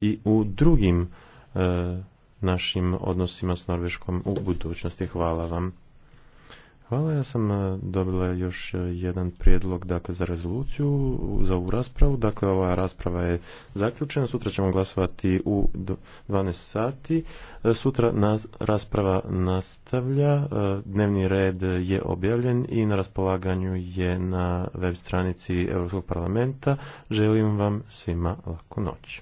i u drugim e, našim odnosima s Norveškom u budućnosti. Hvala vam. Hvala, ja sam e, dobila još e, jedan prijedlog dakle, za rezoluciju, za ovu raspravu. Dakle, ova rasprava je zaključena, sutra ćemo glasovati u 12 sati. Sutra nas, rasprava nastavlja, dnevni red je objavljen i na raspolaganju je na web stranici Europskog parlamenta. Želim vam svima laku noć.